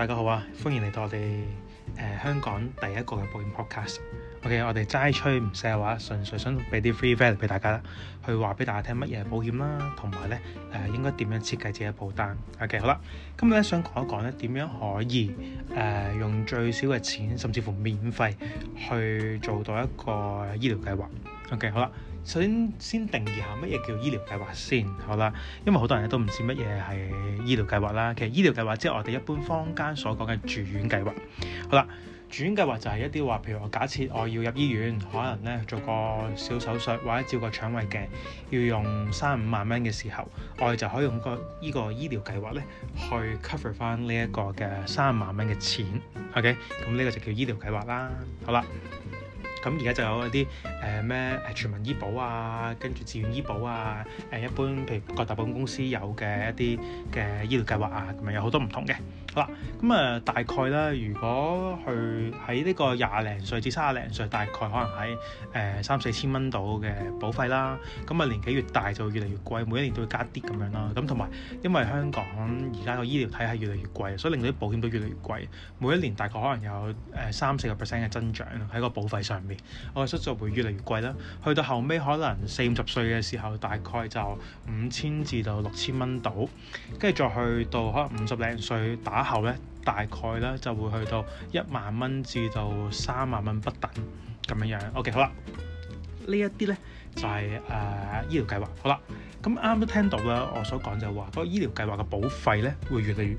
大家好啊，歡迎嚟到我哋誒、呃、香港第一個嘅保險 podcast。OK，我哋齋吹唔嘅話，純粹想俾啲 free value 俾大家啦，去話俾大家聽乜嘢保險啦，同埋咧誒應該點樣設計自己嘅保單。OK，好啦，今日咧想講一講咧點樣可以誒、呃、用最少嘅錢，甚至乎免費去做到一個醫療計劃。OK，好啦。首先先定義下乜嘢叫醫療計劃先，好啦，因為好多人都唔知乜嘢係醫療計劃啦。其實醫療計劃即係我哋一般坊間所講嘅住院計劃。好啦，住院計劃就係一啲話，譬如我假設我要入醫院，可能咧做個小手術或者照個腸胃鏡，要用三五萬蚊嘅時候，我哋就可以用個呢個醫療計劃咧去 cover 翻呢一個嘅三五萬蚊嘅錢。OK，咁呢個就叫醫療計劃啦。好啦。咁而家就有嗰啲誒咩誒全民醫保啊，跟住自願醫保啊，誒、呃、一般譬如各大保險公司有嘅一啲嘅醫療計劃啊，咁咪有好多唔同嘅。好啦，咁、嗯、啊大概咧，如果去喺呢個廿零歲至卅零歲，大概可能喺誒三四千蚊到嘅保費啦。咁啊年紀越大就會越嚟越貴，每一年都會加啲咁樣啦。咁同埋因為香港而家個醫療體系越嚟越貴，所以令到啲保險都越嚟越貴，每一年大概可能有誒三四個 percent 嘅增長喺個保費上面，我估咗會越嚟越貴啦。去到後尾可能四五十歲嘅時候，大概就五千至到六千蚊度，跟住再去到可能五十零歲。打。後咧大概咧就會去到一萬蚊至到三萬蚊不等咁樣樣。O、okay, K，好啦，一呢一啲咧就係、是、誒、呃、醫療計劃。好啦，咁啱都聽到啦，我所講就話嗰個醫療計劃嘅保費咧會越嚟越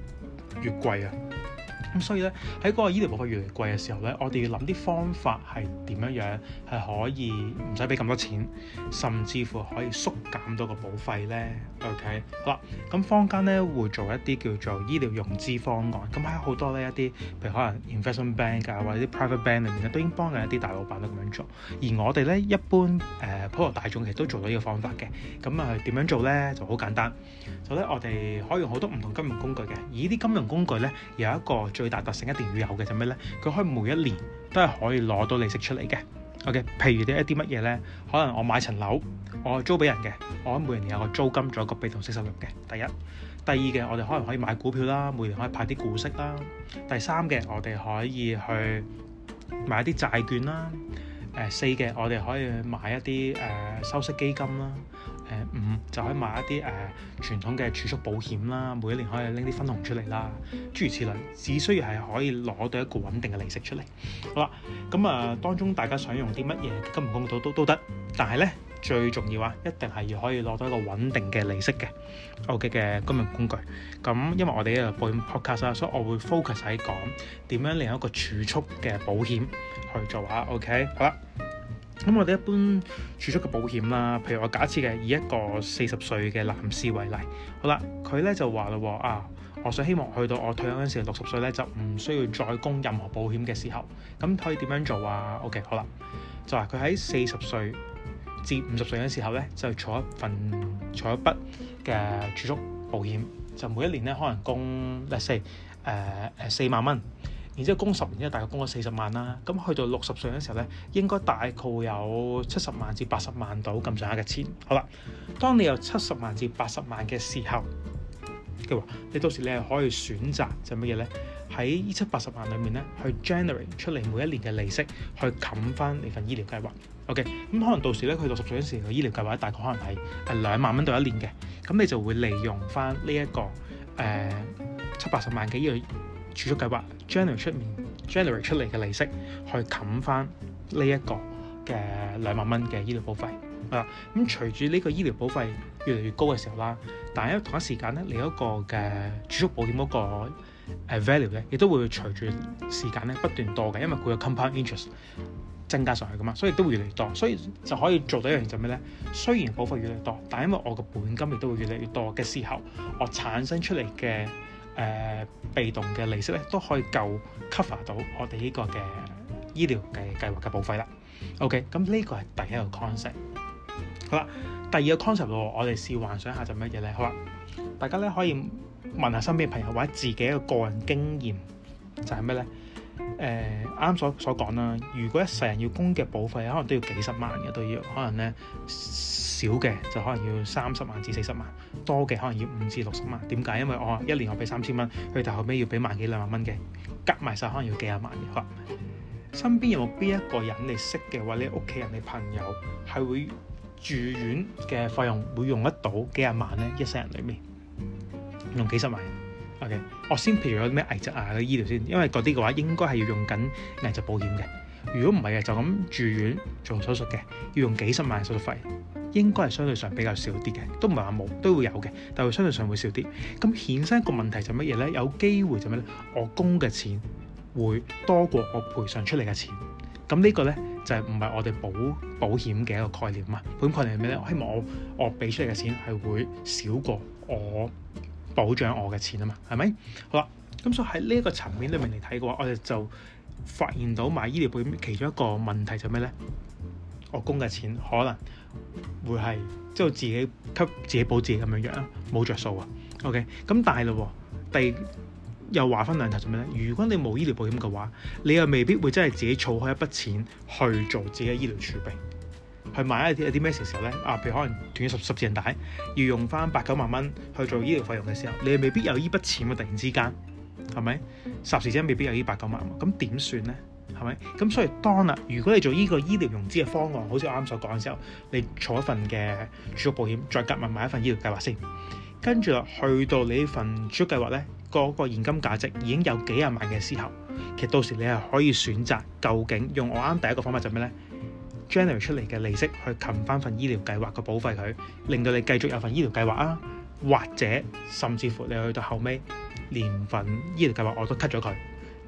越貴啊。咁所以咧，喺嗰個醫療保費越嚟越貴嘅時候咧，我哋要諗啲方法係點樣樣，係可以唔使俾咁多錢，甚至乎可以縮減到個保費咧。OK，好啦，咁坊間咧會做一啲叫做醫療融資方案，咁喺好多咧一啲，譬如可能 investment bank 啊，或者啲 private bank 裏面咧，都已經幫緊一啲大老闆都咁樣做。而我哋咧一般誒普羅大眾其實都做到呢個方法嘅。咁啊點樣做咧，就好簡單，就咧我哋可以用好多唔同金融工具嘅，而呢啲金融工具咧有一個。最大特性一定要有嘅就咩呢？佢可以每一年都係可以攞到利息出嚟嘅。O.K.，譬如呢一啲乜嘢呢？可能我買層樓，我租俾人嘅，我每年有個租金，仲有一個被動式收入嘅。第一，第二嘅我哋可能可以買股票啦，每年可以派啲股息啦。第三嘅我哋可以去買啲債券啦。誒、呃，四嘅我哋可以買一啲誒、呃、收息基金啦。五就可以買一啲誒、呃、傳統嘅儲蓄保險啦，每一年可以拎啲分紅出嚟啦，諸如此類，只需要係可以攞到一個穩定嘅利息出嚟。好啦，咁啊、呃、當中大家想用啲乜嘢金融工具都都得，但係咧最重要啊，一定係要可以攞到一個穩定嘅利息嘅 O.K. 嘅金融工具。咁因為我哋呢度播 Podcast 啊，所以我會 focus 喺講點樣利用一個儲蓄嘅保險去做下 O.K. 好啦。咁我哋一般儲蓄嘅保險啦，譬如我假設嘅，以一個四十歲嘅男士為例，好啦，佢咧就話啦，啊，我想希望去到我退休嗰陣時，六十歲咧就唔需要再供任何保險嘅時候，咁可以點樣做啊？OK，好啦，就話佢喺四十歲至五十歲嘅時候咧，就坐一份坐一筆嘅儲蓄保險，就每一年咧可能供，let's say 誒誒四萬蚊。然之後供十年，然之後大概供咗四十萬啦，咁去到六十歲嘅時候咧，應該大概有七十萬至八十萬到咁上下嘅錢。好啦，當你有七十萬至八十萬嘅時候，佢話你到時你係可以選擇就乜嘢咧？喺呢七八十萬裡面咧，去 generate 出嚟每一年嘅利息，去冚翻你份醫療計劃。OK，咁可能到時咧，去到六十歲嗰陣時，嘅醫療計劃大概可能係係兩萬蚊到一年嘅，咁你就會利用翻呢一個誒、呃、七八十萬幾嘅。儲蓄計劃 generate 出面 generate 出嚟嘅利息去冚翻呢一個嘅兩萬蚊嘅醫療保費啊！咁隨住呢個醫療保費越嚟越高嘅時候啦，但係因為同一時間咧，你嗰個嘅儲蓄保險嗰個誒 value 咧，亦都會隨住時間咧不斷多嘅，因為佢嘅 compound interest 增加上去噶嘛，所以都會越嚟越多，所以就可以做到一樣就咩咧？雖然保費越嚟越多，但係因為我嘅本金亦都會越嚟越多嘅時候，我產生出嚟嘅。誒、呃，被動嘅利息咧，都可以夠 cover 到我哋呢個嘅醫療嘅計劃嘅保費啦。OK，咁呢個係第一個 concept。好啦，第二個 concept 我哋試幻想下就乜嘢咧？好啦，大家咧可以問下身邊朋友或者自己嘅個,個人經驗就，就係乜咧？誒啱、呃、所所講啦，如果一世人要供嘅保費可能都要幾十萬嘅都要，可能咧少嘅就可能要三十萬至四十萬，多嘅可能要五至六十萬。點解？因為我一年我俾三千蚊，佢哋後尾要俾萬幾兩萬蚊嘅，夾埋晒可能要幾廿萬嘅。身邊有冇邊一個人你識嘅話，你屋企人、你朋友係會住院嘅費用會用得到幾廿萬咧？一世人裏面用幾十萬？O.K. 我先譬如有咩危疾啊，去醫療先，因為嗰啲嘅話應該係要用緊危疾保險嘅。如果唔係嘅，就咁住院做手術嘅，要用幾十萬手術費，應該係相對上比較少啲嘅，都唔係話冇，都會有嘅，但係相對上會少啲。咁衍生一個問題就乜嘢咧？有機會就咩咧？我供嘅錢會多過我賠償出嚟嘅錢，咁呢個咧就係唔係我哋保保險嘅一個概念啊？保險概念係咩咧？我希望我我俾出嚟嘅錢係會少過我。保障我嘅錢啊嘛，係咪？好啦，咁所以喺呢一個層面裏面嚟睇嘅話，我哋就發現到買醫療保險其中一個問題就咩咧？我供嘅錢可能會係即係自己給自己保自己咁樣樣啊，冇着數啊。OK，咁但係嘞，第二，又話分兩頭就咩咧？如果你冇醫療保險嘅話，你又未必會真係自己儲開一筆錢去做自己嘅醫療儲備。去買一啲啲咩嘅時候咧，啊，譬如可能斷咗十十字韌帶，要用翻八九萬蚊去做醫療費用嘅時候，你未必有呢筆錢喎，突然之間，係咪？霎時之間未必有呢八九萬，咁點算咧？係咪？咁所以當啦，如果你做呢個醫療融資嘅方案，好似我啱所講嘅時候，你做一份嘅儲蓄保險，再夾埋買一份醫療計劃先，跟住啦，去到你呢份儲蓄計劃咧，個、嗰個現金價值已經有幾廿萬嘅時候，其實到時你係可以選擇，究竟用我啱第一個方法就咩咧？generate 出嚟嘅利息去冚翻份醫療計劃嘅保費佢，令到你繼續有份醫療計劃啊，或者甚至乎你去到後尾連份醫療計劃我都 cut 咗佢，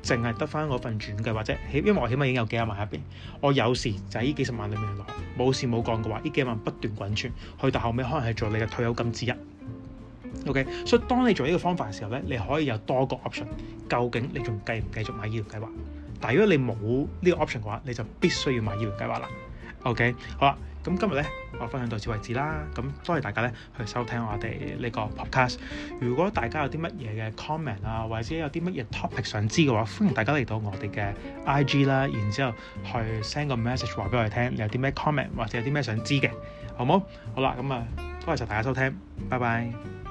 淨係得翻我份轉計劃啫。起因為我起碼已經有幾十萬入邊，我有時就喺呢幾十萬裡面攞，冇事冇講嘅話，呢幾萬不斷滾轉去到後尾可能係做你嘅退休金之一。OK，所以當你做呢個方法嘅時候咧，你可以有多個 option，究竟你仲繼唔繼續買醫療計劃？但如果你冇呢個 option 嘅話，你就必須要買醫療計劃啦。OK，好啦，咁今日咧，我分享到此為止啦。咁多謝大家咧，去收聽我哋呢個 podcast。如果大家有啲乜嘢嘅 comment 啊，或者有啲乜嘢 topic 想知嘅話，歡迎大家嚟到我哋嘅 IG 啦，然之後去 send 個 message 話俾我哋聽，你有啲咩 comment 或者有啲咩想知嘅，好冇？好？好啦，咁啊，多謝大家收聽，拜拜。